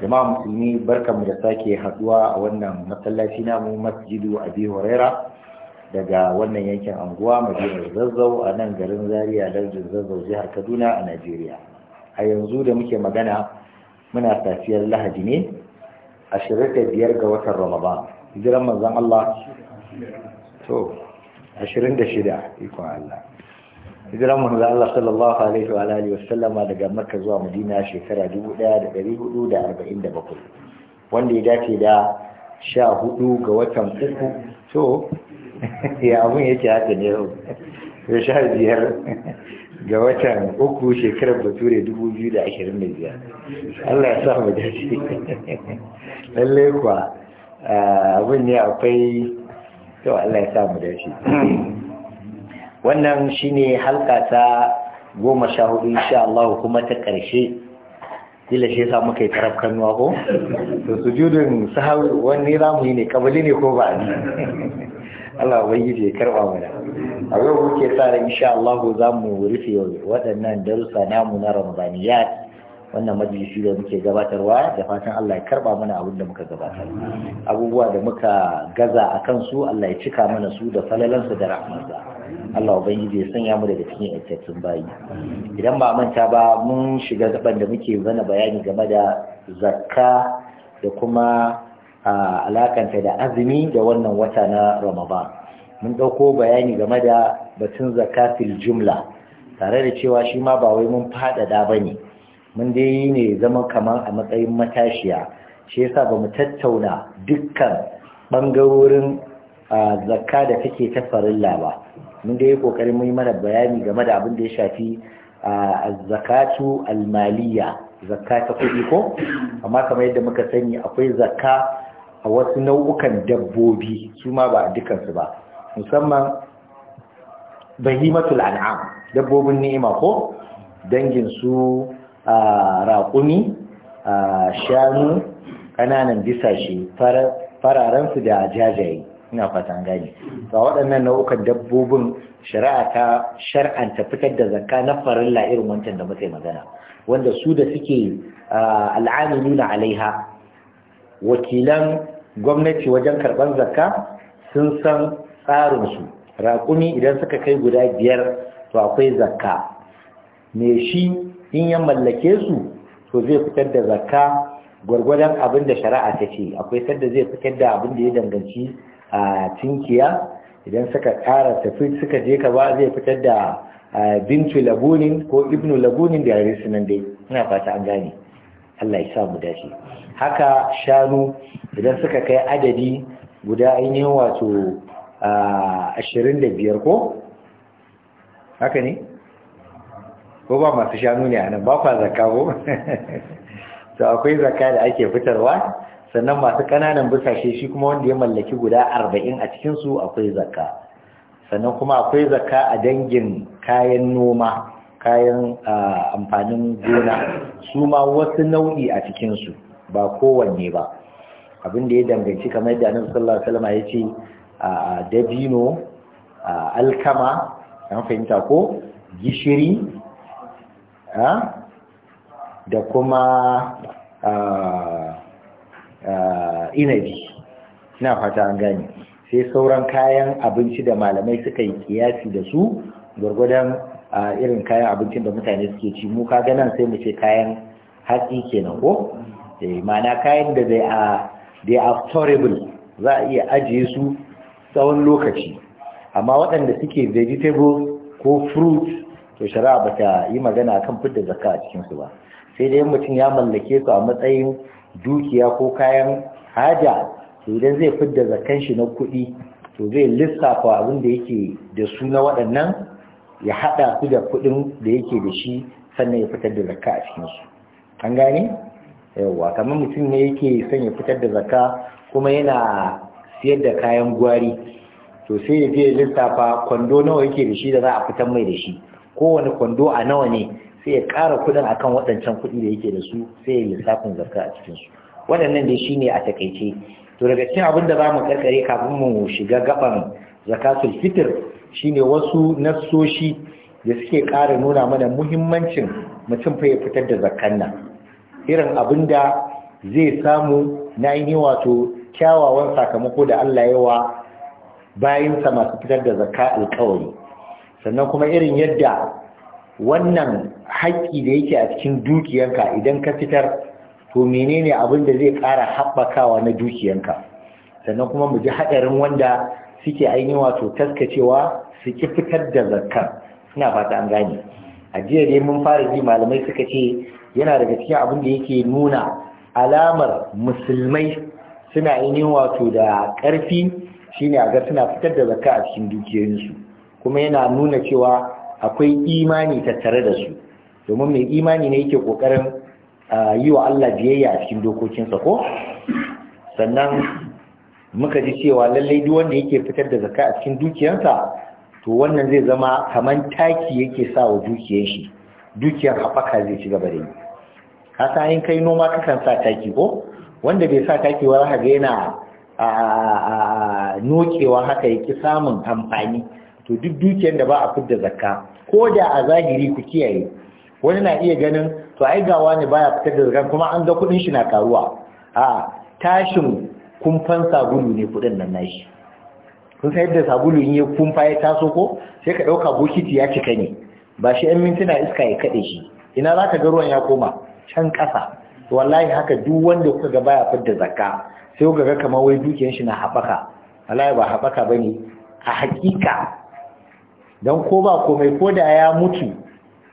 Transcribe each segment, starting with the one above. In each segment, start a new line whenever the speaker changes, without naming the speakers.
jama'a musulmi barkanmu da sake haduwa a wannan masallaci namu masjidu abi huraira daga wannan yankin anguwa madinar zazzau a nan garin zaria lardin zazzau jihar kaduna a najeriya a yanzu da muke magana muna safiyar lahadi ne biyar ga watan ramadan hijiran manzon allah to 26 ikon allah hijiran manzan Allah sallallahu alaihi wa alihi wa sallama daga Makka zuwa Madina shekara 1447 wanda ya dace da 14 ga watan uku to ya abun yake haka ne yau ya sha biyar ga watan uku shekarar bature 2025 Allah ya sa mu dace lalle kuwa abun ne akwai to Allah ya sa mu dace wannan shine halka ta goma sha hudu sha Allah kuma ta ƙarshe kila shi yasa muka yi taraf kanuwa ko to sujudin sahawi wani ramu ne kabali ne ko ba ne Allah yi ya karba mana a yau muke sa ran insha Allah za mu rufe waɗannan darussa namu na Ramadaniyat wannan majalisi da muke gabatarwa da fatan Allah ya karba mana abin da muka gabatar abubuwa da muka gaza a kansu Allah ya cika mana su da falalansa da rahmansa Allah ubangiji ya sanya mu daga cikin aikatun bayi idan ba manta ba mun shiga gaban da muke zana bayani game da zakka da kuma alakanta da azumi da wannan wata na Ramadan mun dauko bayani game da batun zakatil jumla tare da cewa shi ma ba wai mun fadada bane mun dai yi ne zama kamar a matsayin matashiya shi yasa ba mu tattauna dukkan ɓangarorin zakka da take ta farilla ba mun dai yi ƙoƙarin mun yi mana bayani game da abin da ya shafi a zakatu almaliya zakka ta kuɗi ko amma kamar yadda muka sani akwai zakka a wasu nau'ukan dabbobi su ma ba a dukansu ba musamman bahimatul an'am dabbobin ni'ima ko dangin su raƙumi a shanu ƙananan bisashe fararensu da jajaye ina fatan gani ga waɗannan nau'ukan dabbobin shari'a ta shar'anta fitar da zakka na farilla irin wancan da muka magana wanda su da suke na alaiha wakilan gwamnati wajen karɓar zakka sun san tsarinsu raƙumi idan suka kai guda biyar to akwai zakka me shi in ya mallake su to zai fitar da zakka gwargwadon abin da shari'a ta ce akwai sadda zai fitar da abin da ya danganci a tinkiya idan suka ƙara tafi suka je ka ba zai fitar da bintu labunin ko ibnu labunin da yare nan dai ina fata an gane Allah ya sa mu dace haka shanu idan suka kai adadi guda ainihin wato ashirin da biyar ko haka ne ko ba masu shanu ne a nan ba kwa zakka ko to akwai zakka da ake fitarwa sannan masu kananan busashe shi kuma wanda ya mallaki guda arba'in a cikinsu akwai zakka sannan kuma akwai zaka a dangin kayan noma kayan amfanin gona su ma wasu nau'i a cikin su ba kowanne ba abin da ya danganci kamar yadda annabi sallallahu alaihi wasallam ya ce a dabino alkama an fahimta ko gishiri da kuma inabi na fata an gani sai sauran kayan abinci da malamai suka yi kiyasi da su gwargwadon irin kayan abincin da mutane suke ci mu ka nan sai mu ce kayan hatsi kenan ko eh, ma'ana kayan da zai a they are storable za a iya ajiye su tsawon lokaci amma waɗanda suke vegetable ko fruit to shari'a ba ta yi magana kan fidda zakka a cikinsu ba sai dai mutum ya mallake su a matsayin dukiya ko kayan haja to idan zai fidda zakkan shi na kuɗi to zai lissafa abin da yake da su na waɗannan ya haɗa su da kuɗin da yake da shi sannan ya fitar da zakka a cikinsu an gane yawwa kamar mutum ne yake son ya fitar da zakka kuma yana siyar da kayan gwari to sai ya je lissafa kwando nawa yake da shi da za a fitar mai da shi kowane kwando a nawa ne sai ya ƙara kuɗin akan waɗancan kuɗi da yake da su sai ya yi lissafin zarka a cikinsu waɗannan dai shine a takaice to daga cikin abin da za mu karkare kafin mu shiga gaban zakatul fitr shine wasu nassoshi da suke ƙara nuna mana muhimmancin mutum fa ya fitar da zakkan nan irin abin da zai samu na yi wato kyawawan sakamako da Allah yawa bayinsa masu fitar da zakka alƙawari sannan kuma irin yadda wannan haƙƙi da yake a cikin dukiyanka idan ka fitar to menene abin da zai ƙara haɓakawa na dukiyanka sannan kuma mu ji haɗarin wanda suke ainihin wato taskacewa su ki fitar da zakka suna fata an gane a jiya dai mun fara ji malamai suka ce yana daga cikin abin da yake nuna alamar musulmai suna ainihin wato da ƙarfi shine a ga suna fitar da zakka a cikin dukiyoyinsu kuma yana nuna cewa akwai imani tattare da su domin mai imani ne yake kokarin yi wa Allah biyayya a cikin dokokinsa ko sannan muka ji cewa lallai duk wanda yake fitar da zakka a cikin dukiyarsa to wannan zai zama kaman taki yake sa wa dukiyar shi dukiyar haɓaka zai ci gaba da yi ka sa in kai noma kakan sa taki ko wanda bai sa taki ba za ga yana a nokewa haka yake samun amfani to duk dukiyar da ba a fidda zakka ko da a zahiri ku kiyaye wani na iya ganin to ai ga wani baya fitar da zakka kuma an ga kudin shi na karuwa a tashin kumfan sabulu ne kudin nan nashi kun sai da sabulu in ya kumfa ya taso ko sai ka dauka bokiti ya cika ne ba shi yan mintuna iska ya kade shi ina za ka ga ruwan ya koma can kasa wallahi haka duk wanda kuka ga baya fidda zakka sai kuka ga kamar wai dukiyar shi na haɓaka wallahi ba haɓaka bane a hakika don ko ba komai ko da ya mutu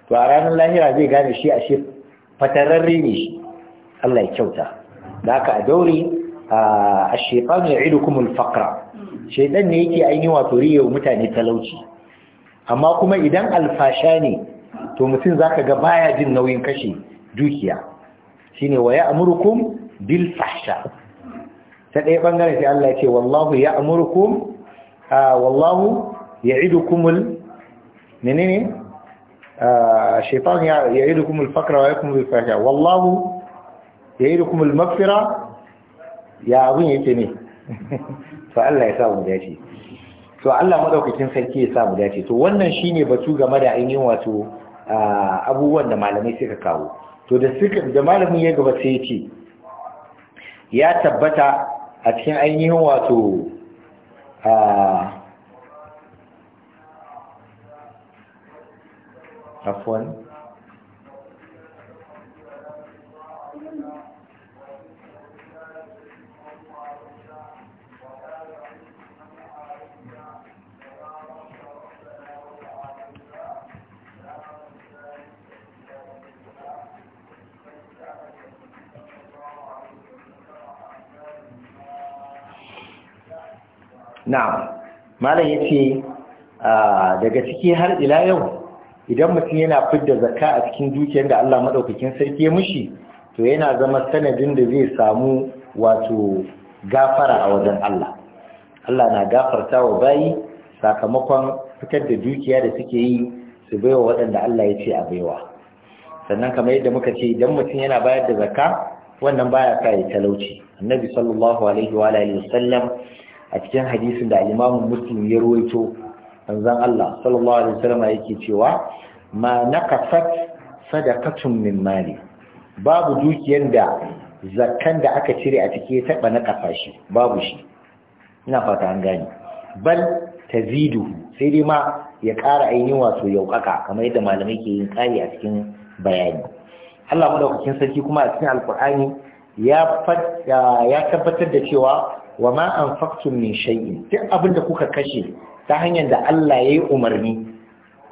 to a ranar lahira zai gane shi a shi fatararre ne shi Allah ya kyauta da aka a daure a shekaru ya idu kuma alfakra shaidan ne yake ainihin wato ya mutane talauci amma kuma idan alfasha ne to mutum za ka ga baya jin nauyin kashe dukiya shi ne wa ya amurkum bil fahsha ta ɗaya ɓangaren sai Allah ya ce wallahu ya amurkum wallahu ya Ne ne ne, shaitan ya yi al-faqra wa yakum bil-fahsha wallahu ya yi al-maghfira ya abun ce ne to Allah ya sa mu dace to Allah maɗaukakin sarki ya sa mu dace to wannan shine batu game da ainihin wato ah, abubuwan da malamai suka kawo to da malamin ya gaba sai ce. ya tabbata a cikin ainihin wato a ah, afwan na malam yace ah, daga ciki har ila yau idan mutum yana fidda zakka a cikin dukiyar da Allah madaukakin sarki ya mushi to yana zama sanadin da zai samu wato gafara a wajen Allah Allah na gafarta wa bayi sakamakon fitar da dukiya da suke yi su baiwa waɗanda Allah ya ce a baiwa sannan kamar yadda muka ce idan mutum yana bayar da zakka wannan baya sa ya talauci annabi sallallahu alaihi wa alihi wasallam a cikin hadisin da al-imamu muslim ya ruwaito manzon Allah sallallahu alaihi wasallam yake cewa ma nakafat sadaqatun min mali babu dukiyar da zakkan da aka cire a cike ta na kafa shi babu shi ina fata an gani bal tazidu sai dai ma ya ƙara ainihin wato yauƙaka kamar yadda malamai ke yin ƙare a cikin bayani Allah madaukakin sarki kuma a cikin alkur'ani ya ya tabbatar da cewa wa ma anfaqtum min shay'in duk abin da kuka kashe ta hanyar da Allah ya yi umarni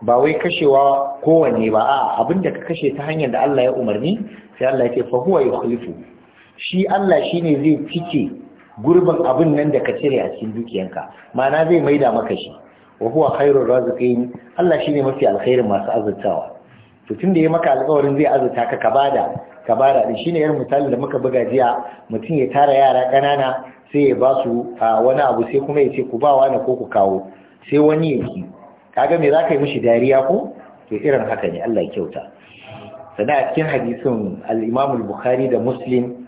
ba wai kashewa kowanne ba a da ka kashe ta hanyar da Allah ya umarni sai Allah ya ce fahuwa ya yukhlifu shi Allah shi ne zai cike gurbin abin nan da ka cire a cikin dukiyanka ma'ana zai maida maka shi wa huwa khairur raziqin Allah ne mafi alkhairin masu azurtawa to tunda ya maka alƙawarin zai azurta ka ka bada ka bada din shine yar misali da muka buga jiya mutum ya tara yara ƙanana sai ya ba su wani abu sai kuma ya ce ku ba wani ko ku kawo sai wani yake kaga me za yi mishi dariya ko to irin haka ne Allah ya kyauta sana a cikin hadisin al-Imam al-Bukhari da Muslim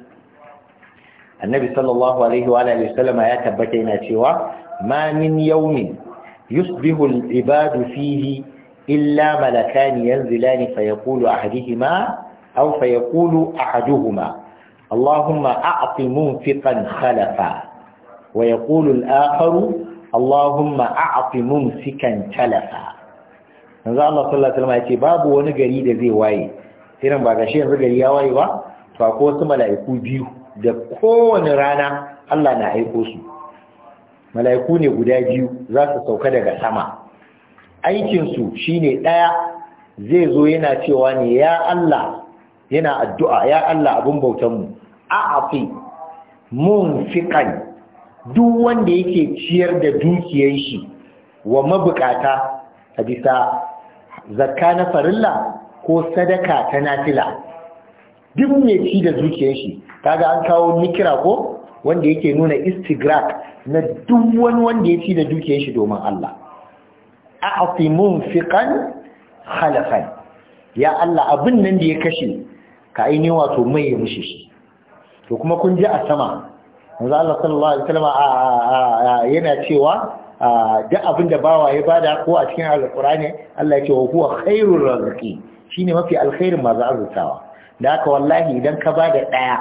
annabi sallallahu alaihi wa alihi wasallam ya tabbata yana cewa ma min yawmin yusbihu al-ibadu fihi illa malakani yanzilani fayaqulu ahaduhuma aw fayaqulu ahaduhuma اللهم أعط wa خلفا ويقول الآخر Allahumma mun mumsikan talafa yanzu Allah sallallahu alaihi wasallam ya ce babu wani gari da zai waye irin ba gashi yanzu gari ya waye ba to akwai wasu mala'iku biyu da kowane rana Allah na aiko su mala'iku ne guda biyu za su sauka daga sama aikinsu shi ne ɗaya zai zo yana cewa ne ya Allah yana addu'a ya Allah abin bautanmu a afi mun fiƙan duk wanda yake ciyar da dukiyar shi wa mabukata a bisa zakka na farilla ko sadaka ta nafila duk mai ci da dukiyar shi kaga an kawo nikira ko wanda yake nuna istigrak na duk wani wanda ya ci da dukiyar shi domin Allah a'ti munfiqan khalafan ya Allah abin nan da ya kashe ka aini wato mai ya mushe shi to kuma kun je a sama Maza Allah sallallahu alaihi wasallam yana cewa duk abin da bawa ya bada ko a cikin alqur'ani Allah ya ce wa huwa khairur raziqi shine mafi alkhairin masu arzutawa da haka wallahi idan ka bada daya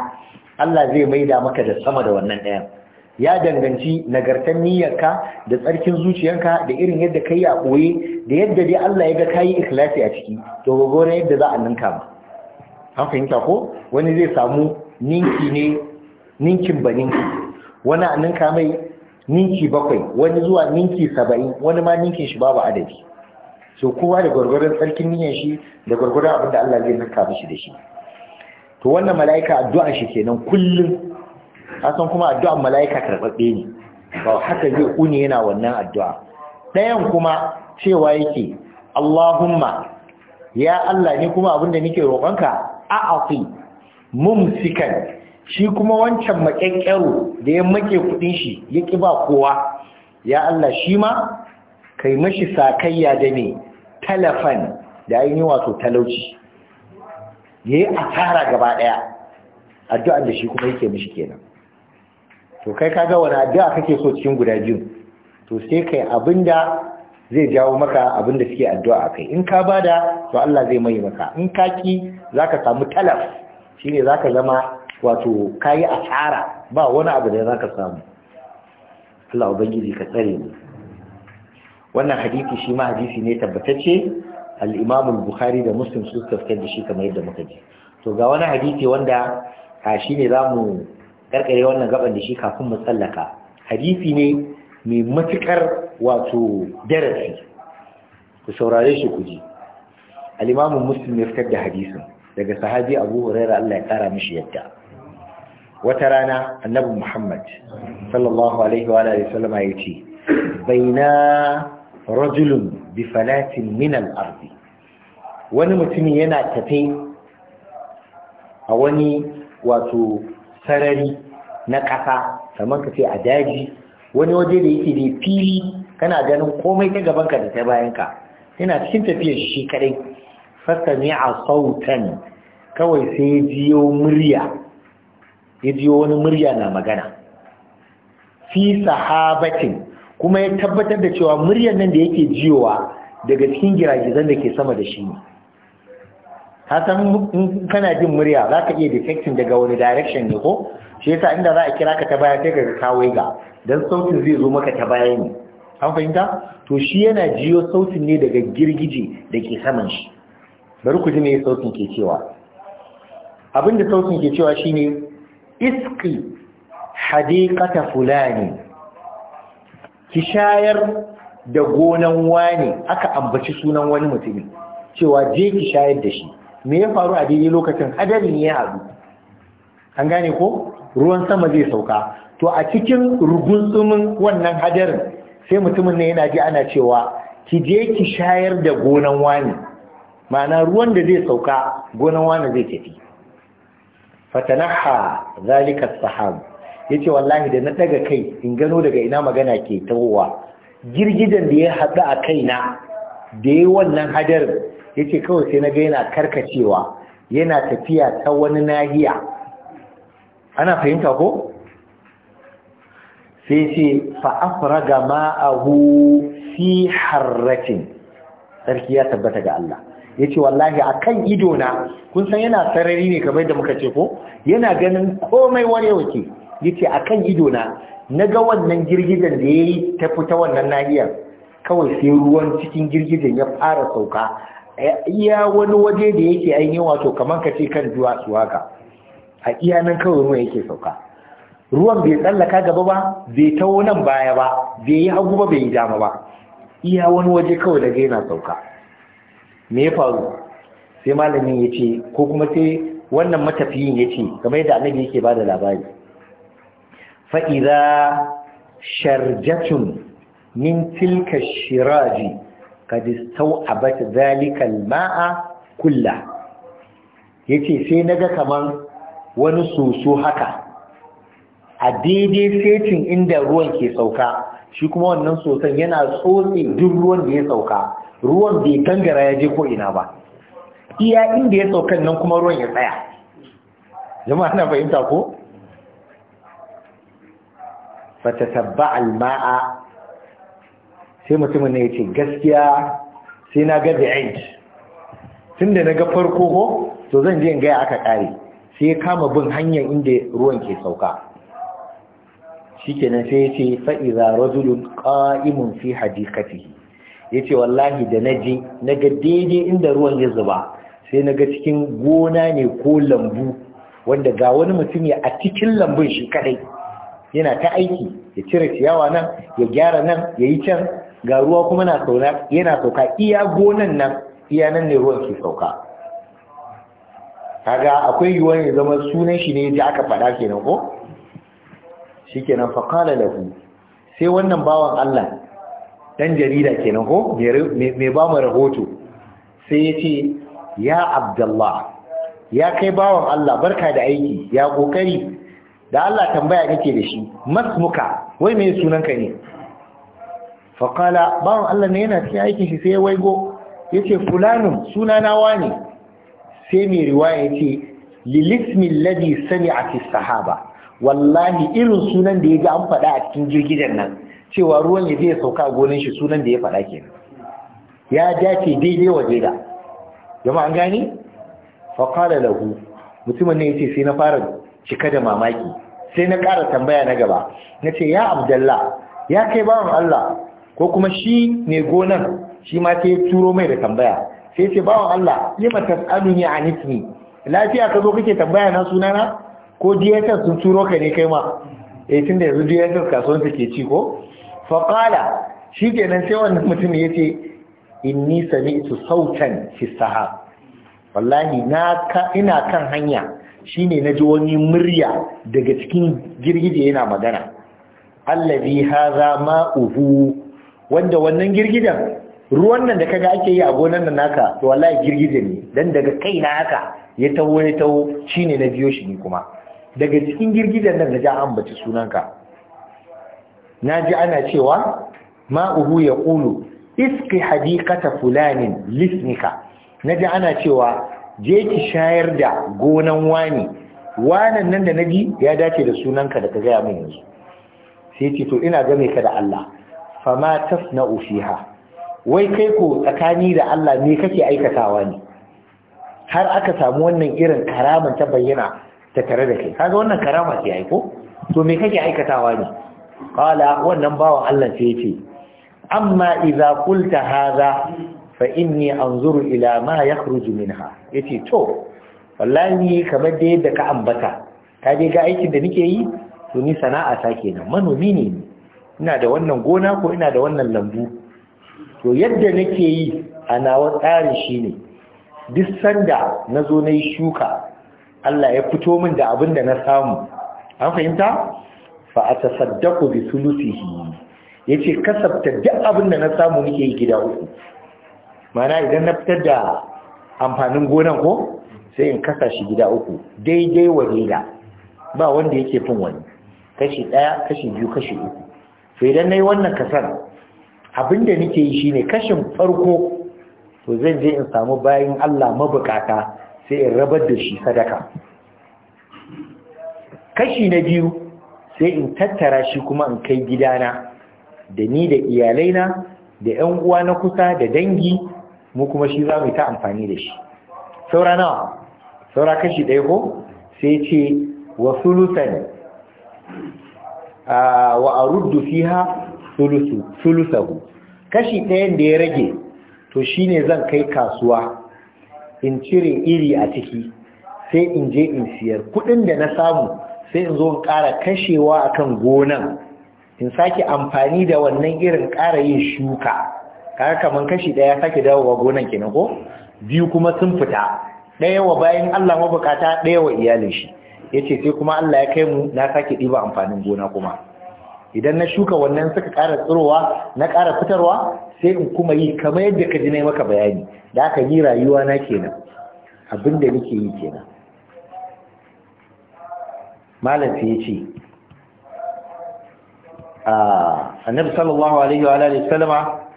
Allah zai maida maka da sama da wannan dayan ya danganci nagartar ka da tsarkin zuciyarka da irin yadda kai a koyi da yadda dai Allah ya ga kayi ikhlasi a ciki to gogore yadda za a ninka ma an fahimta ko wani zai samu ninki ne ninkin ba ninki wani a ninka mai ninki bakwai wani zuwa ninki saba'in wani ma ninkin shi babu adadi so kowa da gwargwaron tsarkin niyan shi da gwargwaron abin da Allah zai ninka mishi da shi to wannan mala'ika addu'a shi kenan kullum asan kuma addu'an mala'ika karɓaɓɓe ne ba haka zai kuni yana wannan addu'a ɗayan kuma cewa yake Allahumma ya Allah ni kuma abinda nake roƙonka a'ati mumsikan shi kuma wancan makyankyaro da ya make kudin shi ya ƙi ba kowa ya Allah shi ma kai mashi sakayya da ne talafan da yi wato talauci ya yi asara gaba ɗaya addu'an da shi kuma yake mashi kenan to kai ga wani addu'a kake so cikin guda biyu to sai kai abinda zai jawo maka abinda suke addu'a kai in ka bada to Allah zai mai maka in ka ki zaka samu talaf shine zaka zama wato kayi asara ba wani abu da za ka samu Allah ubangiji ka tsare mu wannan hadisi shi ma hadisi ne tabbatacce al-Imam al-Bukhari da Muslim su tafsir da shi kamar yadda muka ji to ga wani hadisi wanda a shine zamu karkare wannan gaban da shi kafin mu tsallaka hadisi ne mai matukar wato darasi ku saurare shi ku ji al-Imam Muslim ya fitar da hadisin daga sahabi Abu Hurairah Allah ya kara mishi yadda wata rana annabi Muhammad sallallahu alaihi wa alihi sallama yace baina rajulun bi falatin min al wani mutumi yana tafe a wani wato sarari na ƙasa kamar ka ce a daji wani waje da yake da fili kana ganin komai ta gabanka da ta bayanka yana cikin tafiyar shi kadai fasami a sautan kawai sai jiyo murya ya jiyo wani murya na magana fi sahabatin kuma ya tabbatar da cewa muryar nan da yake jiyowa daga cikin giragizan da ke sama da shi ne hasan in kana jin murya za ka iya detecting daga wani direction ne ko shi yasa inda za a kira ka ta baya sai ka kawai ga dan sautin zai zo maka ta baya ne an fahimta to shi yana jiyo sautin ne daga girgije da ke saman shi bari ku ji me sautin ke cewa abin da sautin ke cewa shine iski hadikata fulani ki shayar da gonan wani aka ambaci sunan wani mutumin, cewa je ki shayar da shi me ya faru a daidai lokacin ne ya haɗu an gane ko ruwan sama zai sauka to a cikin tsumin wannan hadarin sai mutumin ne yana ji ana cewa ki je ki shayar da gonan wani ma'ana ruwan da zai sauka gonan wani zai tafi fatanaha zalika sahab yace wallahi da na daga kai in gano daga ina magana ke tawowa girgidan da ya hada a kaina da yi wannan hadar yace kawai sai na ga yana karkacewa yana tafiya ta wani nahiya ana fahimta ko sai ce fa afraga ma'ahu fi harratin sarki ya tabbata ga Allah ya ce wallahi a kan idona kun san yana sarari ne kamar da muka ce ko yana ganin komai wani warewake ya ce a kan idona na ga wannan girgizan da ya yi ta fita wannan nahiyar kawai sai ruwan cikin girgizan ya fara sauka iya wani waje da yake ainihin wato kamar ka ce kan duwatsu haka a iya nan kawai ruwan yake sauka ruwan bai tsallaka gaba ba bai taho nan baya ba bai yi hagu ba bai yi dama ba iya wani waje kawai da yana sauka me ya faru sai malamin ya ce ko kuma sai wannan matafiyin ya ce game da annabi yake ba da labari fa'iza sharjatun min tilka shiraji kad istau'abat zalika al-ma'a kulla yace sai naga kamar wani soso haka a daidai setin inda ruwan ke sauka shi kuma wannan soson yana tsotse duk ruwan da ya sauka ruwan bai gangara ya je ko ina ba iya inda ya saukan nan kuma ruwan ya tsaya jama'a na fahimta ko sabba alma'a sai mutumin ya ce gaskiya sai na ga the tun da na ga farko ko to zan je in gaya aka kare sai ya kama bin hanyar inda ruwan ke sauka shi shikenan sai ya ce fa'iza rajulun ƙa'imun fi hadikatihi ya ce wallahi da na je na ga daidai inda ruwan ya zuba sai na ga cikin gona ne ko lambu wanda ga wani mutum ya a cikin lambun shi kadai yana ta aiki ya cire ciyawa nan ya gyara nan ya yi can ga ruwa kuma na sauna yana sauka iya gonan nan iya nan ne ruwan ke sauka kaga akwai yiwuwar ya zama sunan shi ne ji aka faɗa kenan ko shikenan qala lahu sai wannan bawan Allah Ɗan jarida kenan ko mai ba mu rahoto sai ya ce ya abdullah ya kai bawan Allah barka da aiki ya kokari da Allah tambaya kake da shi masmuka wai mai sunanka ne faƙala bawan Allah ne yana cikin aikin shi sai ya waigo ya ce fulanun suna nawa ne sai mai riwaya ya ce lilismin ladi sani a sahaba wallahi irin sunan da ya ga an faɗa a cikin girgijen nan cewa ruwan ya zai sauka a gonin shi sunan da ya fada ke ya dace daidai wa da jama'a an gani faƙala lahu mutumin ne ya ce sai na fara cika da mamaki sai na ƙara tambaya na gaba na ce ya abdalla ya kai bawan Allah ko kuma shi ne gonan shi ma sai turo mai da tambaya sai ce bawan Allah lima ne a nitini lafiya ka zo kake tambaya na sunana ko DSS sun turo ka ne kai ma eh tunda yanzu DSS kasuwan ke ci ko faƙala shi kenan sai wannan mutum ya ce inni su sautan fi saha wallahi na ina kan hanya shine ji wani murya daga cikin girgije yana magana allazi hadha ma'uhu wanda wannan girgijen ruwan nan da kaga ake yi a gonan nan naka to wallahi girgije ne dan daga kai na haka ya taho ya taho shine na biyo shi ni kuma daga cikin girgijen nan da ja ambaci sunanka na ji ana cewa ma'uhu ya ƙulu iski hadikata fulanin lisnika na ji ana cewa je ki shayar da gonan wani wanan nan da na ji ya dace da sunanka da ka gaya min yanzu sai ce to ina game ka da Allah ma tasna'u fiha wai kai ko tsakani da Allah ne kake aikatawa ne har aka samu wannan irin karaman ta bayyana ta tare da kai kaga wannan karama ce aiko to me kake aikatawa ne qala wannan bawan Allah ce yace amma idza qulta hadha fa inni anzuru ila ma yakhruju minha yace to wallahi kamar da yadda ka ambata ka je ga aikin da nake yi to ni sana'a ta kenan manomi ne ina da wannan gona ko ina da wannan lambu to yadda nake yi a nawa tsarin shine duk sanda na zo na shuka Allah ya fito min da abin da na samu an fahimta fa a tasaddaku bi sulusihi yace kasabta duk abin da na samu nake yi gida uku mana idan na fitar da amfanin gonan ko sai in kasa shi gida uku daidai wajeda ba wanda yake fin wani kashi daya, kashi biyu kashi uku to idan na yi wannan kasar abin da nake yi shine kashin farko to zan je in samu bayan Allah mabukata sai in rabar da shi sadaka kashi na biyu sai in tattara shi kuma in kai gidana da ni da iyalaina da 'yan uwa na kusa da dangi mu kuma shi za mu yi ta amfani da shi saura nawa saura kashi ɗaya ko sai ce wa sulusan ah, wa aruddu fiha sulusu sulusahu kashi ɗayan da ya rage to shine zan kai kasuwa in cire iri a ciki sai in je in siyar kuɗin da na samu sai in zo in ƙara kashewa a kan gonan in sake amfani da wannan irin ƙara yin shuka kaga kamar kashi ɗaya sake dawowa gonan kenan ko biyu kuma sun fita ɗaya wa bayan Allah mabukata ɗaya wa iyalin shi Ya ce sai kuma Allah ya kai mu na sake ɗiba amfanin gona kuma idan na shuka wannan suka ƙara tsirowa na ƙara fitarwa sai in kuma yi kamar yadda ka ji na maka bayani da aka yi rayuwa na kenan abinda da nake yi kenan malam sai ya ce annabi sallallahu alaihi wa alihi sallama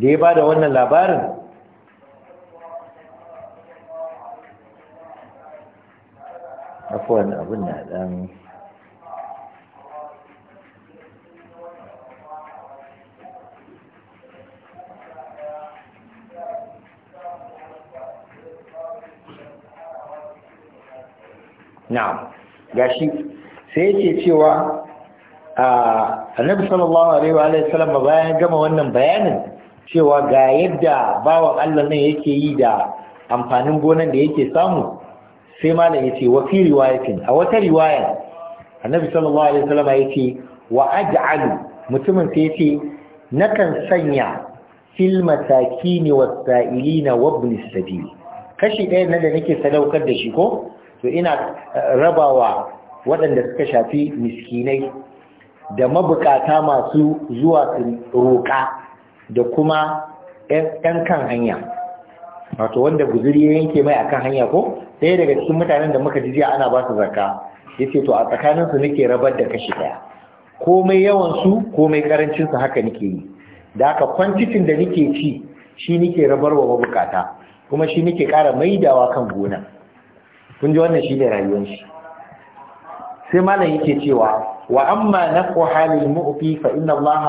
da ya bada wannan labarin afuwan abin na dan na'am gashi sai yake cewa annabi sallallahu alaihi wa sallam bayan gama wannan bayanin cewa ga yadda bawan Allah nan yake yi da amfanin gonan da yake samu sai malam yace wa fi riwayatin a wata riwaya annabi sallallahu alaihi wasallam yace wa aj'alu mutumin sai yace nakan sanya fil masakin wa sa'ilina wa ibn sabil kashi ɗaya nan da nake sadaukar da shi ko to ina rabawa waɗanda suka shafi miskinai da mabukata masu zuwa su roƙa da kuma ɗan kan hanya wato wanda guzuri ya yanke mai akan hanya ko sai daga cikin mutanen da muka ji jiya ana ba su ya ce to a tsakaninsu su nake rabar da kashi ɗaya. komai yawan su komai ƙarancinsu, haka nake yi da haka kwantitin da nake ci shi nake wa mabukata kuma shi nake ƙara maidawa kan gona kun ji wannan shine rayuwar shi sai malam yake cewa wa amma naqu halil mu'fi fa inna Allah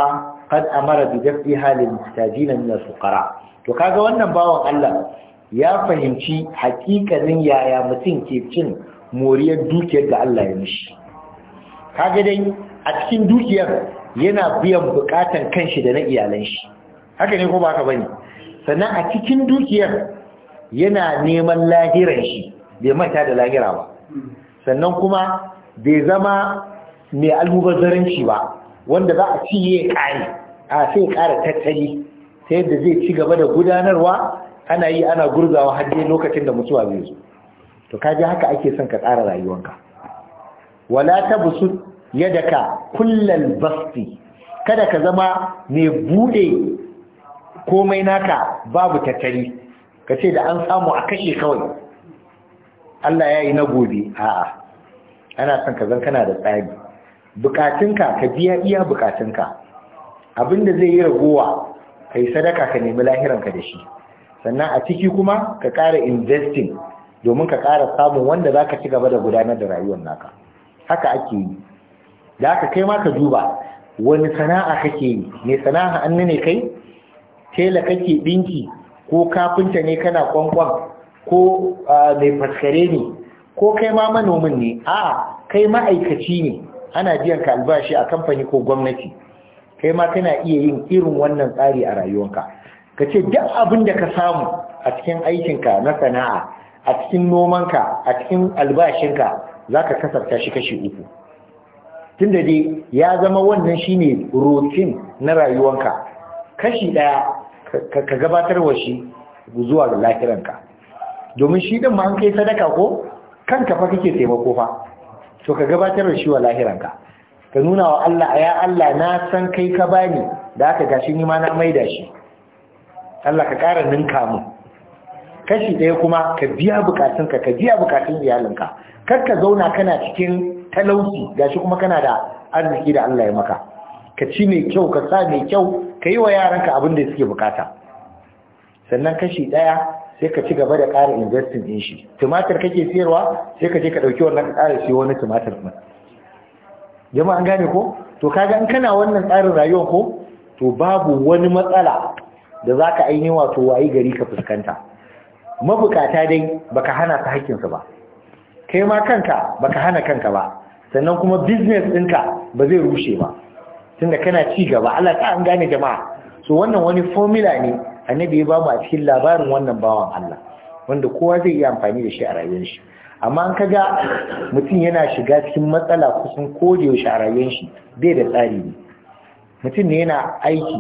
qad amara bi daf'i halil mustajina min al-fuqara to kaga wannan bawan Allah ya fahimci hakikanin yaya mutum ke cin moriyar dukiyar da Allah ya mishi kaga dai a cikin dukiyar yana biyan bukatan kanshi da na iyalan shi haka ne ko ba ka bane sannan a cikin dukiyar yana neman lahiran shi bai manta da lahira ba sannan kuma bai zama mai almubazzaranci ba wanda za a ci ya kare a sai ƙara tattali ta yadda zai ci gaba da gudanarwa ana yi ana gurgawa har lokacin da mutuwa zai zo to kaji haka ake son ka tsara rayuwanka wala ta yadda ka kullal basti kada ka zama mai bude komai naka babu tattali ka ce da an samu a kashe kawai Allah ya yi na gobe a'a ana son ka zan kana da tsari bukatunka ka biya iya bukatunka abinda zai yi ragowa ka yi sadaka ka nemi lahiranka da shi sannan a ciki kuma ka ƙara investing domin ka kara samun wanda za ka ci gaba da gudanar da rayuwar naka haka ake yi da aka kai ma ka duba wani sana'a kake yi mai sana'a hannu ne kai tela kake ɗinki ko kafinta ne kana kwankwan ko mai faskare ne ko kai ma manomin ne a kai ma'aikaci ne ana biyan ka albashi a kamfani ko gwamnati kai ma kana iya yin irin wannan tsari a rayuwanka ka ce duk abin da ka samu a cikin aikinka na sana'a a cikin nomanka a cikin albashinka za ka kasarta shi kashi uku tunda dai ya zama wannan shine rotin na rayuwanka kashi ɗaya ka gabatar wa shi zuwa lafiranka. lahiranka domin shi ɗin ma an kai sadaka ko kanka fa kake taimako fa to ka gabatar da shi wa lahiranka ka nuna wa Allah ya Allah na san kai ka bani da aka gashi ni ma na maida shi Allah ka ƙara ninka mu kashi ɗaya kuma ka biya buƙatunka, ka biya bukatun iyalinka kar ka zauna kana cikin talauci gashi kuma kana da arziki da Allah ya maka ka ci mai kyau ka sa mai kyau ka yi wa yaranka abin da suke bukata sannan kashi ɗaya sai ka ci gaba da ƙara investing din shi tumatir kake siyarwa sai ka je ka ɗauki wannan ka ƙara siyo wani tumatir jama'a an gane ko to kaga in kana wannan tsarin rayuwar ko to babu wani matsala da zaka aini wato wayi gari ka fuskanta mabukata dai baka hana su ba kai ma kanka baka hana kanka ba sannan kuma business ɗinka ba zai rushe ba tunda kana ci gaba Allah ta an gane jama'a so wannan wani formula ne annabi ya bamu a cikin labarin wannan bawan Allah wanda kowa zai iya amfani da shi a rayuwar shi amma an kaga mutum yana shiga cikin matsala kusan ko da yaushe a rayuwar shi bai da tsari ne mutum ne yana aiki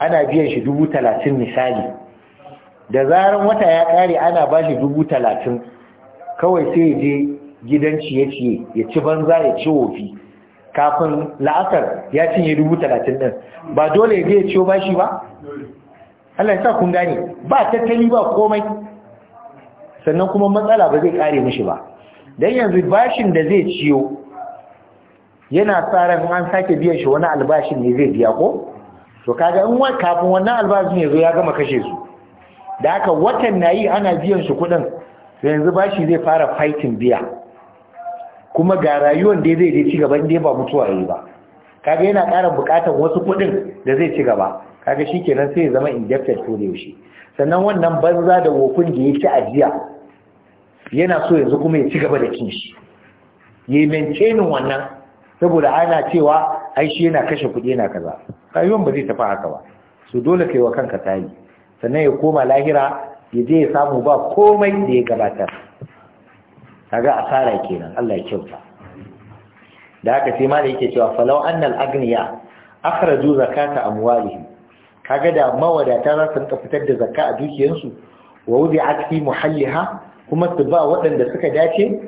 ana biyan shi dubu talatin misali da zaran wata ya kare ana ba shi dubu talatin kawai sai ya je gidan ciye-ciye ya ci banza ya ci wofi kafin la'asar ya cinye dubu talatin ɗin ba dole ya je ya ba bashi ba Allah ya sa kun gane ba tattali ba komai sannan kuma matsala ba zai kare mishi ba dan yanzu bashin da zai ciyo yana tsaran an sake biyan shi wani albashin ne zai biya ko to kaga in wani kafin wannan albashin ya zo ya gama kashe su da haka watan nayi ana biyan shi kuɗin yanzu bashi zai fara fighting biya kuma ga rayuwar da zai je ci gaba inda ba mutuwa yayi ba kaga yana ƙara buƙatar wasu kuɗin da zai ci gaba kaga shikenan sai ya zama injected ko da yaushe sannan wannan banza da wofin da ya ci a jiya yana so yanzu kuma ya ci gaba da cin shi ya yi maintainin wannan saboda ana cewa ai shi yana kashe kuɗi yana kaza rayuwar ba zai tafi haka ba su dole kai wa kanka tayi sannan ya koma lahira ya je ya samu ba komai da ya gabatar kaga asara kenan Allah ya kyauta da haka sai ma da yake cewa falau annal agniya akhraju zakata amwalihim kaga da mawadata za su rinka fitar da zakka a dukiyarsu wa wudi akfi muhalliha kuma su ba waɗanda suka dace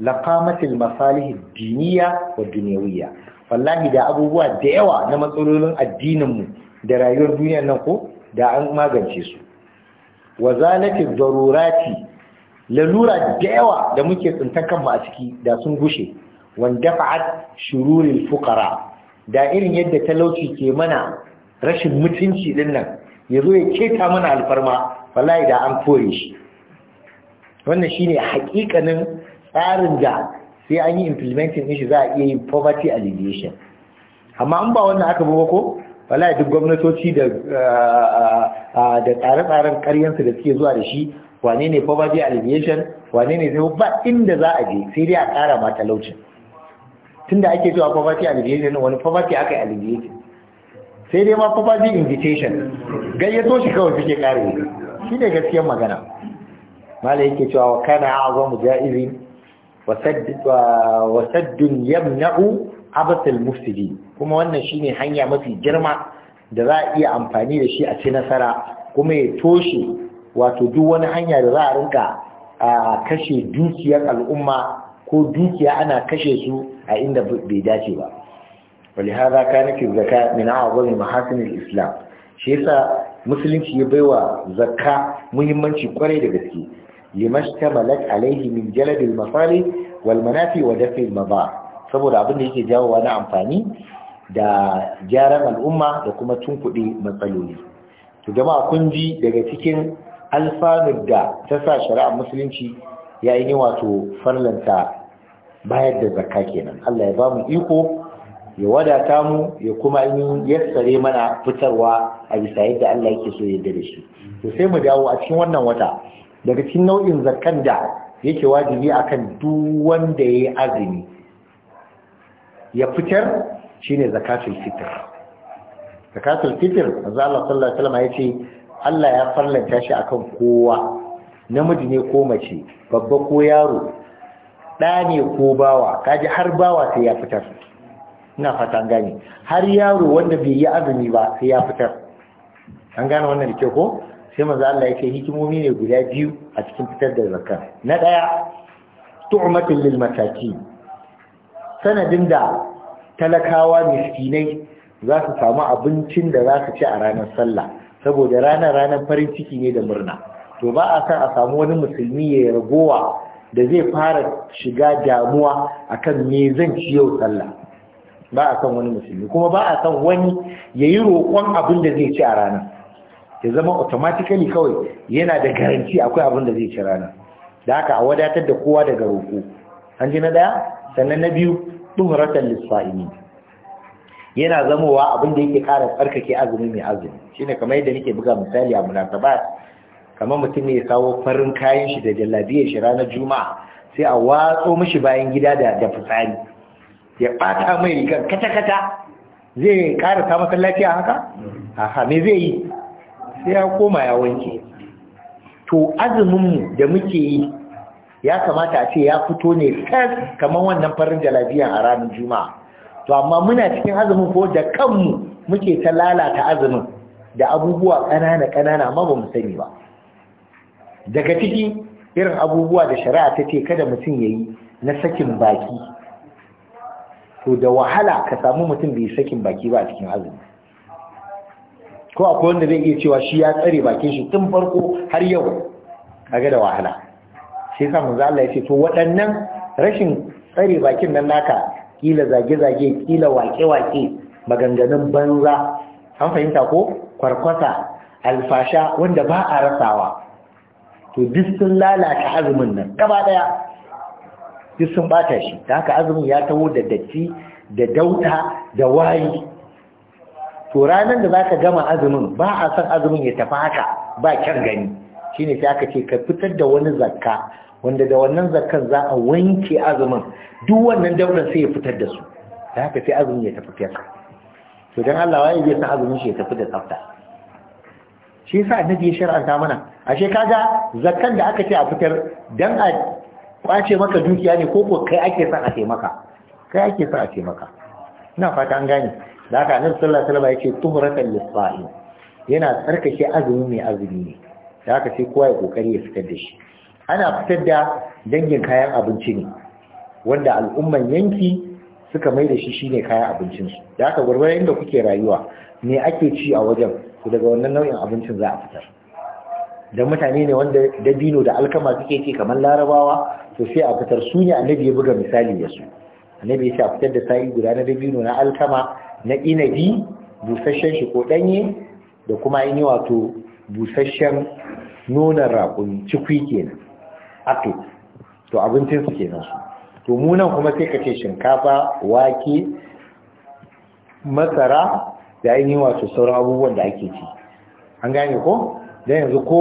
laqamatil masalih diniya wa dunyawiyya wallahi da abubuwa da yawa na matsalolin addinin mu da rayuwar duniyar nan ko da an magance su wa Barurati, darurati lalura da yawa da muke tsintar kanmu a ciki da sun gushe wanda fa'at shururil fuqara da irin yadda talauci ke mana rashin mutunci din nan ya zo ya keta mana alfarma wallahi da an kore shi wannan shine hakikanin tsarin da sai an yi implementing din shi za a iya yin poverty alleviation amma an ba wannan aka ba ko wallahi duk gwamnatoci da uh, uh, da tsare-tsaren karyansu da suke zuwa da shi wane ne poverty alleviation wane ne sai ba inda za a je sai dai a kara ma talaucin tunda ake cewa poverty alleviation wani poverty aka yi alleviation sai dai ma fa invitation gayyato shi kawai suke kare shi ne gaskiyar magana malai yake cewa wa kana azamu jaizin wa wa saddun yamna'u abatul mufsidi kuma wannan shine hanya mafi girma da za a iya amfani da shi a ci nasara kuma ya toshe wato duk wani hanya da za a rinka kashe dukiyar al'umma ko dukiya ana kashe su a inda bai dace ba ولهذا كانت الزكاة من أعظم محاسن الإسلام شيء musulunci ya baiwa zakka muhimmanci kwarai da gaske limashtamalat alaihi min jaladil masali wal manafi wa dafil madar saboda abin da yake jawowa na amfani da gyaran al'umma da kuma tun tunkuɗe matsaloli to jama'a kun ji daga cikin alfanun da ta sa shari'ar musulunci ya yi wato farlanta bayar da zakka kenan Allah ya ba mu iko ya wadata mu ya kuma in yassare mana fitarwa a bisa yadda Allah yake so ya da shi to sai mu dawo a cikin wannan wata daga cikin nau'in zakkan da yake wajibi akan duk wanda yayi azumi ya fitar shine zakatul fitr zakatul fitr azza Allah sallallahu alaihi wasallam yace Allah ya farlanta shi akan kowa namiji ne ko mace babba ko yaro ɗa ne ko bawa kaji har bawa sai ya fitar ina fata an gane har yaro wanda bai yi azumi ba sai ya fitar an gane wannan da ke ko sai Maza Allah ya ce hikimomi ne guda biyu a cikin fitar da zakka na ɗaya, tu'matul lil mataki. sanadin da talakawa miskinai za su samu abincin da za su ci a ranar sallah saboda ranar ranar farin ciki ne da murna to ba a san a samu wani musulmi ya ragowa da zai fara shiga damuwa akan me zan ci yau sallah ba a kan wani musulmi kuma ba a kan wani ya yi roƙon abin da zai ci a rana ya zama automatically kawai yana da garanti akwai abin da zai ci rana da haka a wadatar da kowa daga roƙo an ji na ɗaya sannan na biyu ɗumuratan lissa'ini yana zamowa abin da yake ƙara tsarkake azumi mai azumi shine kamar yadda nake buga misali a munasabat kamar mutum ne ya kawo farin kayan shi da jallabiyar shi ranar juma'a sai a watso mishi bayan gida da fitsari ya ɓata mai rigar kata-kata zai ƙarasa masallaci a haka? aha me zai yi sai ya koma ya wanke to azuminmu da muke yi ya kamata a ce ya fito ne tas kamar wannan farin jalabiyan a ranar juma'a to amma muna cikin azumin ko da kanmu muke ta lalata azumin da abubuwa ƙanana ƙanana ma ba mu sani ba daga ciki irin abubuwa da shari'a ta ce kada mutum ya yi na sakin baki to da wahala ka samu mutum bai sakin baki ba a cikin azumi ko akwai wanda zai iya cewa shi ya tsare bakin shi tun farko har yau kaga da wahala sai sa manzo Allah ya ce to waɗannan rashin tsare bakin nan naka kila zage-zage kila wake-wake maganganun banza an fahimta ko kwarkwasa, alfasha wanda ba a rasawa to duk sun lalata azumin nan gaba daya duk sun bata shi ta haka azumin ya taho da datti da dauta da wayi to ranar da zaka gama azumin ba a san azumin ya tafi haka ba kyan gani shine sai aka ce ka fitar da wani zakka wanda da wannan zakkan za a wanke azumin duk wannan daular sai ya fitar da su ta haka sai azumin ya tafi fiyar to dan Allah waye zai san azumin shi ya tafi da tsafta shi yasa annabi ya shar'anta mana ashe kaga zakkan da aka ce a fitar dan a kwace maka dukiya ne ko ko kai ake sa a taimaka kai ake a taimaka ina fata an gane da aka annabi sallallahu alaihi wasallam yace tuhratan lisfa'in yana tsarkake azumi mai azumi ne da aka sai kowa ya kokari ya fitar da shi ana fitar da dangin kayan abinci ne wanda al'umman yanki suka mai da shi shine kayan abincinsu da aka gwargwaron inda kuke rayuwa me ake ci a wajen ku daga wannan nau'in abincin za a fitar da mutane ne wanda dabino da alkama suke ci kamar larabawa to sai a fitar su ne annabi ya buga misali da su annabi ya a fitar da sa'i guda na dabino na alkama na inabi busasshen shi ko danye da kuma an yi wato busasshen nonon raƙumi cikwi kenan ake to abincin su kenan su to nan kuma sai ka shinkafa wake masara da yi wato sauran abubuwan da ake ci an gane ko da yanzu ko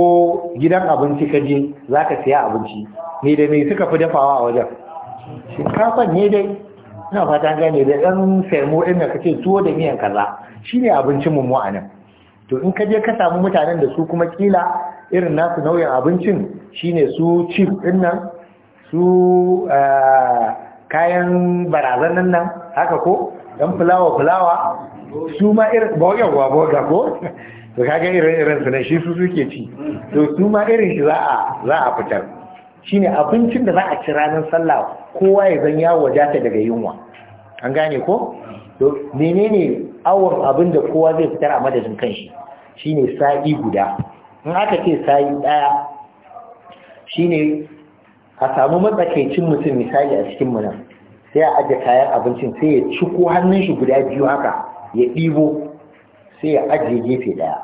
gidan abinci ka je za ka siya abinci ne da mai suka fi dafawa a wajen shinkafan ne dai ina fata gane da ɗan saimu ɗin da kace tuwo da miyan kaza shine abincin mu a nan to in ka je ka samu mutanen da su kuma kila irin nasu nauyin abincin shine su chip ɗin nan su eh, kayan barazanan nan haka ko ɗan fulawa fulawa su ma irin bogawa boga ko to kaga irin irin su ne shi su suke ci to su ma irin shi za a za a fitar shine abincin da za a ci ranar sallah kowa ya zan yawo wajata daga yunwa an gane ko to menene awon abin da kowa zai fitar a madadin kanshi shine sa'i guda in aka ce sa'i daya shine a samu matsakaicin mutum misali a cikin nan sai a ajiye kayan abincin sai ya ciko hannun shi guda biyu haka ya ɗibo sai ya ajiye gefe daya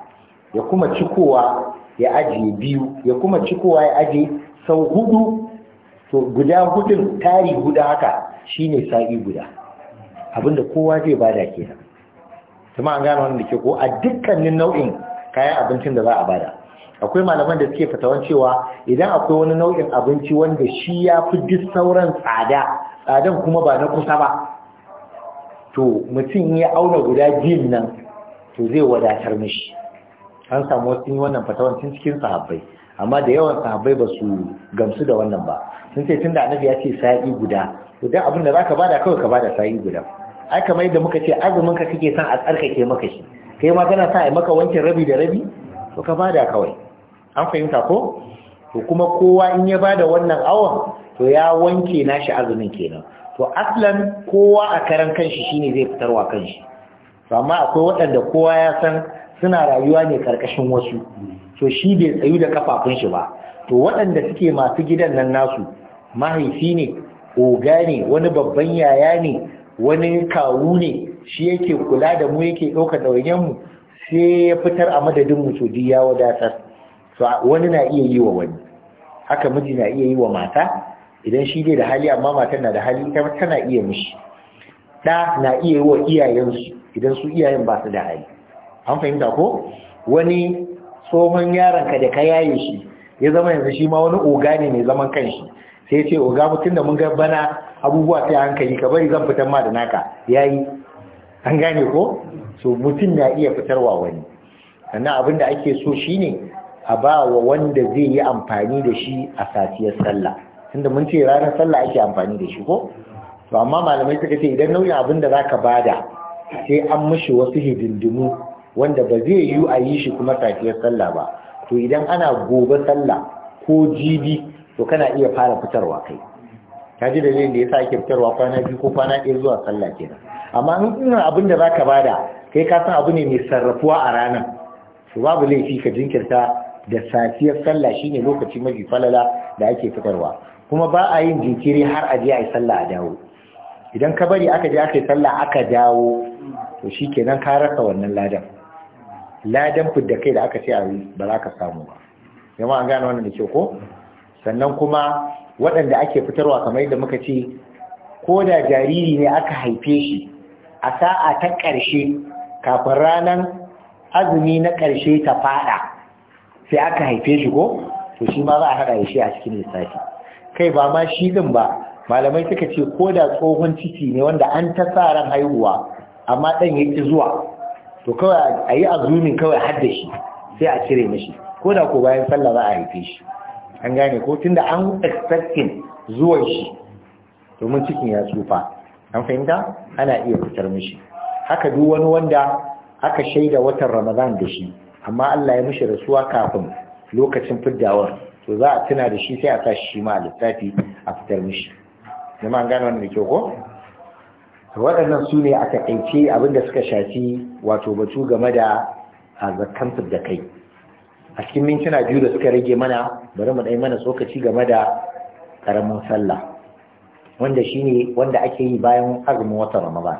ya kuma cikowa ya ajiye biyu ya kuma cikowa ya ajiye sau hudu to guda hudun tari guda haka shine sa'i guda abinda kowa zai bada kenan kuma an gano wannan da ke ko a dukkanin nau'in kayan abincin da za a bada akwai malaman da suke fatawan cewa idan akwai wani nau'in abinci wanda shi ya fi duk sauran tsada tsadan kuma ba na kusa ba to mutum ya auna guda jin nan to zai wadatar mishi an samu wasu yi wannan fatawan tun cikin sahabbai amma da yawan sahabbai ba su gamsu da wannan ba sun ce tun da annabi ya ce sa'i guda to dan abin da zaka bada kawai ka bada sa'i guda ai kamar yadda muka ce azumin ka kake san a tsarkake maka shi kai ma kana sa ai maka wankin rabi da rabi to ka bada kawai an fahimta ko to kuma kowa in ya bada wannan awon to ya wanke nashi azumin kenan to aslan kowa a karan kanshi shine zai fitarwa kanshi amma akwai waɗanda kowa ya san suna rayuwa ne karkashin wasu to shi bai tsayu da kafafun shi ba to waɗanda suke masu gidan nan nasu mahaifi ne oga ne wani babban yaya ne wani kawu ne shi yake kula da mu yake ɗauka ɗauyen mu sai ya fitar a madadin mu to ya wadatar to wani na iya yi wa wani haka miji na iya yi wa mata idan shi bai da hali amma matar na da hali ita tana iya mishi ɗa na iya yi wa iyayensu idan su iyayen ba su da hali an fahimta ko wani tsohon yaron ka da ka yaye shi ya zama yanzu shi ma wani oga ne mai zaman kan shi. sai ce oga mutum da mun ga bana abubuwa sai hankali ka bari zan fitar ma da naka yayi an gane ko so mutum na iya fitarwa wani sannan abin da ake so shi ne a ba wa wanda zai yi amfani da shi a safiyar sallah tunda mun ce ranar sallah ake amfani da shi ko to amma malamai suka ce idan nauyin abin da za ka bada sai an mishi wasu hidindimu wanda ba zai yi a yi shi kuma safiyar sallah ba to idan ana gobe sallah ko jibi to kana iya fara fitarwa kai Ta ji dalilin da ya sa ake fitarwa kwana biyu ko kwana ɗaya zuwa sallah kenan amma in ina abin da zaka bada kai ka san abu ne mai sarrafuwa a ranar to babu laifi ka jinkirta da safiyar sallah shine lokaci mafi falala da ake fitarwa kuma ba a yin jinkiri har a je a yi sallah a dawo idan ka bari aka je aka yi sallah aka dawo to shi kenan ka raka wannan ladan ladan fudda kai da aka ce a ba za ka samu ba yamma an gane wannan da ke ko sannan kuma waɗanda ake fitarwa kamar yadda muka ce ko da jariri ne aka haife shi a sa'a ta ƙarshe kafin ranan azumi na ƙarshe ta faɗa sai aka haife shi ko to shi ma za a haɗa shi a cikin lissafi kai ba ma shi ɗin ba malamai suka ce ko da tsohon ciki ne wanda an ta sa ran haihuwa amma ɗan ya ci zuwa to kawai a yi azumin kawai har da shi sai a cire mashi ko da ko bayan sallah za a haife shi an gane ko tunda an expecting zuwan shi domin cikin ya tsufa an fahimta ana iya fitar mashi. haka duk wani wanda aka shaida watan ramadan da shi amma Allah ya mishi rasuwa kafin lokacin fiddawar to za a tuna da shi sai a sa shi ma a littafi a fitar mashi. da gane gano wanda kyau ko waɗannan su ne a abin abinda suka shafi wato batu game da zakkan da kai a cikin mintuna biyu da suka rage mana bari mu ɗai mana tsokaci game da ƙaramin sallah wanda shine wanda ake yi bayan azumin watan ramadan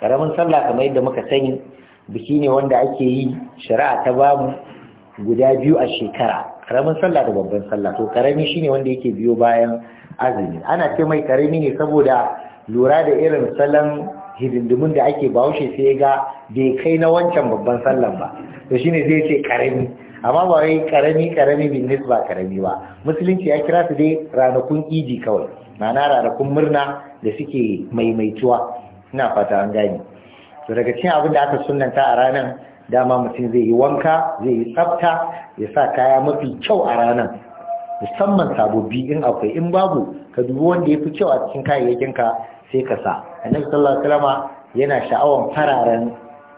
ƙaramin sallah kamar yadda muka sani biki ne wanda ake yi shari'a ta bamu guda biyu a shekara ƙaramin sallah da babban sallah to ƙarami shine wanda yake biyo bayan azumi ana ce mai karami ne saboda lura da irin salon hidindimun da ake bahaushe sai ya ga bai kai na wancan babban sallan ba to shine zai ce karami amma ba wai karami karami bin nisba karami ba musulunci ya kira su dai ranakun idi kawai ma'ana ranakun murna da suke maimaituwa ina fata an gane to daga cikin abin da aka sunanta a ranar dama mutum zai yi wanka zai yi tsafta ya sa kaya mafi kyau a ranar musamman sabobi in akwai in babu ka dubi wanda ya fi kyau a cikin ka sai ka sa annabi sallallahu alaihi wasallam yana sha'awan fararen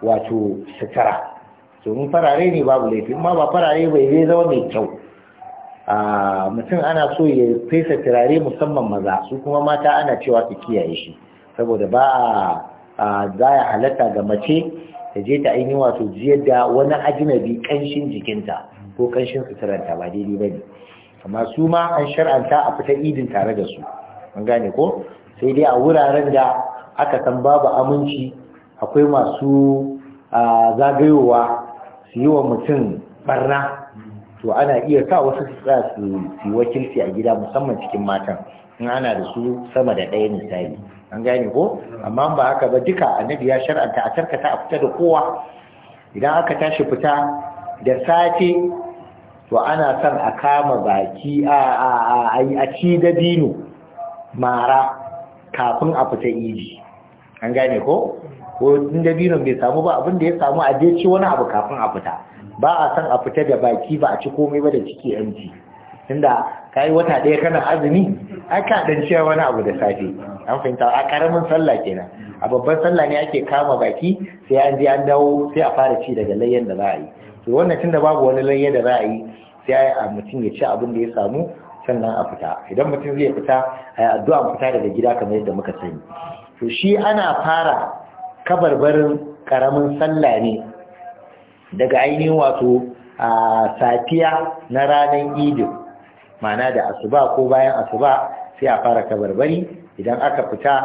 wato sutura To mun farare ne babu laifi amma ba farare bai zai zama mai kyau a mutum ana so ya fesa turare musamman maza su kuma mata ana cewa su kiyaye shi saboda ba a za halatta ga mace ta je ta ainihin wato jiyar da wani ajinabi kanshin jikinta ko kanshin suturanta ba daidai ba ne amma su ma an shar'anta a fita idin tare da su an gane ko sai dai a wuraren da aka san babu aminci akwai masu zagayowa su yi wa mutum barna to ana iya sa wasu su tsaya su yi wakilci a gida musamman cikin matan in ana da su sama da ɗaya misali an gane ko amma ba haka ba duka annabi ya shar'anta a tarkata a fita da kowa idan aka tashi fita da safe to ana son a kama baki a a a a ci dabino mara kafin a fita iji an gane ko ko da dino bai samu ba abinda ya samu a ci wani abu kafin a fita ba a son a fita da baki ba a ci komai ba da ciki yanci tunda ka yi wata ɗaya kana azumi ai ka wani abu da safe an fahimta a ƙaramin sallah kenan a babban sallah ne ake kama baki sai an je an dawo sai a fara ci daga layyan da za a yi to wannan tunda babu wani layya da za a yi sai a mutum ya ci abin da ya samu sannan a fita idan mutum zai fita a yi addu'a fita daga gida kamar yadda muka sani to shi ana fara kabarbarin karamin sallah ne daga ainihin wato a safiya na ranar Idi. ma'ana da asuba ko bayan asuba sai a fara kabarbari idan aka fita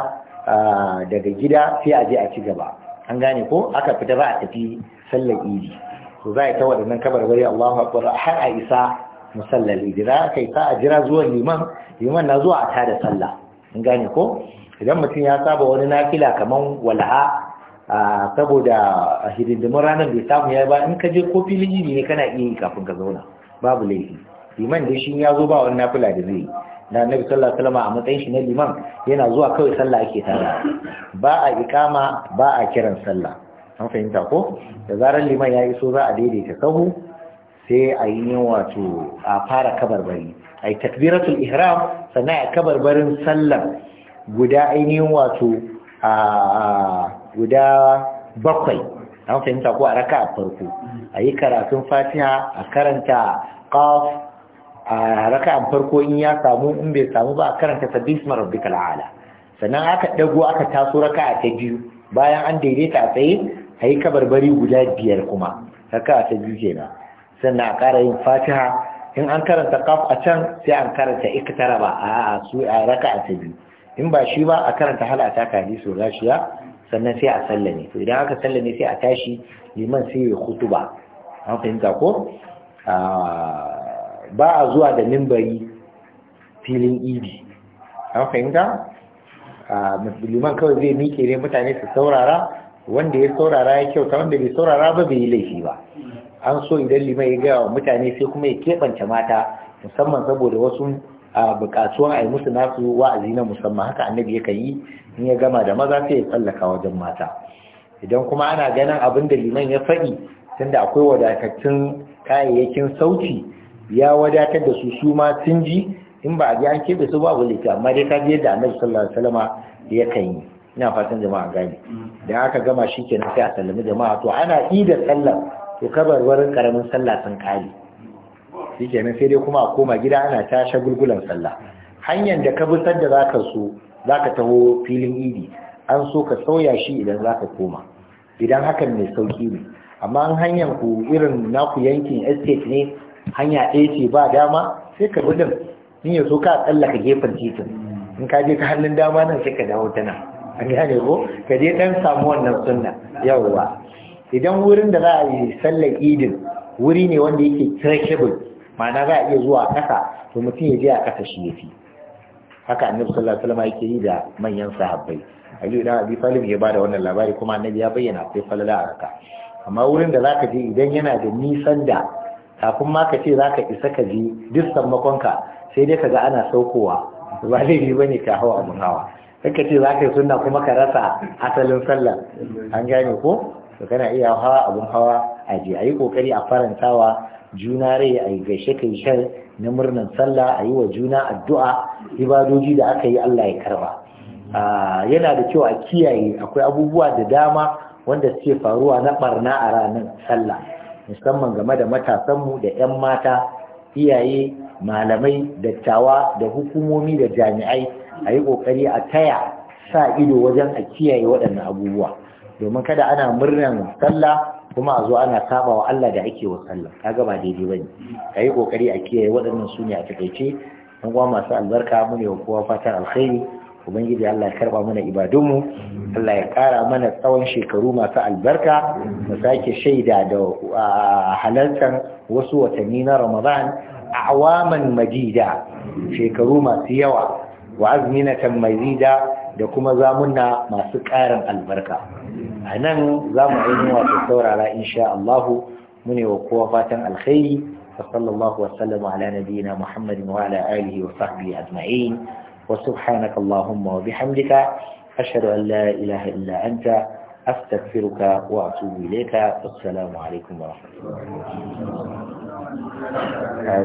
daga gida sai a je a ci gaba an gane ko aka fita ba a tafi sallar idi to za a yi ta waɗannan kabarbari Allahu akbar har a isa musallali da za ta a jira zuwa liman liman na zuwa a tada sallah in gane ko idan mutum ya saba wani nafila kaman wala'a saboda hidindimin ranar bai samu ya ba in ka je ko filin yini ne kana iya yi kafin ka zauna babu laifi liman da shi ya zo ba wani nafila da zai na annabi sallallahu alaihi wasallam a matsayin shi na liman yana zuwa kawai sallah ake tare ba a ikama ba a kiran sallah an fahimta ko da zarar liman ya iso za a daidaita sahu sai a yi wato a fara kabarbari a yi takbiratul ihram sannan a kabarbarin sallar guda ainihin wato a guda bakwai an fahimta ko a raka a farko a yi karatun fatiha a karanta qaf a raka'an farko in ya samu in bai samu ba a karanta sabbin ismar rabbikal ala sannan aka dago aka taso raka'a ta biyu bayan an daidaita a tsaye a yi kabarbari guda biyar kuma haka ta biyu na sannan a ƙara yin fatiha in an karanta kaf a can sai an karanta ikitara ba a su a raka ta biyu in ba shi ba a karanta halata ka so rashiya sannan sai a sallame to idan aka sallame sai a tashi liman sai ya ba. an fahimta ko ba a zuwa da mimbari filin idi an fahimta liman kawai zai miƙe ne mutane su saurara wanda ya saurara ya kyauta wanda bai saurara ba bai yi laifi ba an so idan liman ya gaya wa mutane sai kuma ya keɓance mata musamman saboda wasu bukatuwan a yi musu nasu wa'azi na musamman haka annabi ya yi in ya gama da maza sai ya tsallaka wajen mata idan kuma ana ganin abin da liman ya faɗi tunda akwai wadatattun kayayyakin sauti ya wadatar da su su ma sun ji in ba a ji an keɓe su babu laifi amma dai ka je yadda annabi sallallahu alaihi wasallama ya kai yi ina fatan jama'a gani da aka gama shi kenan sai a sallami jama'a to ana idar sallar to kabarwarin karamin sallah sun kare shi nan sai dai kuma a koma gida ana ta gulgulan sallah hanyar da ka bi da zaka so zaka taho filin idi an so ka sauya shi idan zaka koma idan hakan mai sauki ne amma an hanyar ku irin naku yankin estate ne hanya ɗaya ce ba dama sai ka gudun in ya so ka tsallaka gefen titin in ka je ka hannun dama nan sai ka dawo ta nan an gane ko ka je dan samu wannan sunna yawwa idan wurin da za a yi sallar idin wuri ne wanda yake trackable ma'ana za a iya zuwa a ƙasa to mutum ya je a ƙasa shi yafi haka annabi sallallahu alaihi wasallam yake yi da manyan sahabbai Ali da Abi Talib ya bada wannan labari kuma annabi ya bayyana sai falala a haka amma wurin da zaka je idan yana da nisan da kafin ma ka ce zaka isa ka je duk sammakonka sai dai kaga ana saukowa ba yi bane ka hawa abun hawa ka ce za ka yi suna kuma ka rasa asalin sallah an gane ko to kana iya hawa abun hawa a je a yi kokari a farantawa juna rai a yi gaishe kai shan na murnar sallah a yi wa juna addu'a ibadoji da aka yi Allah ya karba yana da kyau a kiyaye akwai abubuwa da dama wanda suke faruwa na barna a ranar sallah musamman game da matasanmu da 'yan mata iyaye malamai dattawa da hukumomi da jami'ai a yi ƙoƙari a taya sa ido wajen a kiyaye waɗannan abubuwa domin kada ana murnan sallah kuma a zo ana saba wa Allah da ake wa sallah kaga ba daidai bane a yi ƙoƙari a kiyaye waɗannan su ne a taƙaice an kuma masu albarka mu ne wa kowa fatan alkhairi ubangiji Allah ya karba mana ibadunmu Allah ya ƙara mana tsawon shekaru masu albarka mu sake shaida da halartar wasu watanni na Ramadan a awaman majida shekaru masu yawa wa azminatan mazida da kuma zamunna masu ƙarin albarka a nan za mu ainihin wato saurara insha Allahu mune wa kowa fatan alkhairi fa sallallahu wa sallama ala nabiyyina Muhammadin wa ala alihi wa sahbihi ajma'in wa subhanaka Allahumma wa bihamdika ashhadu an la ilaha illa anta astaghfiruka wa atubu ilayka assalamu alaikum wa